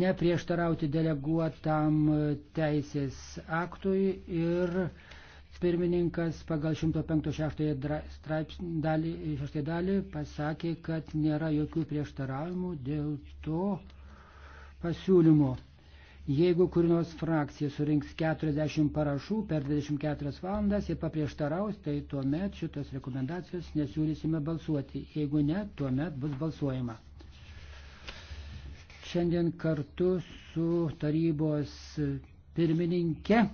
neprieštarauti deleguotam teisės aktui ir pirmininkas pagal 105.6 dalį, dalį pasakė, kad nėra jokių prieštaravimų dėl to pasiūlymo. Jeigu kur nors frakcija surinks 40 parašų per 24 valandas ir paprieštaraus, tai tuomet šitos rekomendacijos nesiūlysime balsuoti. Jeigu ne, tuomet bus balsuojama. Šiandien kartu su tarybos pirmininke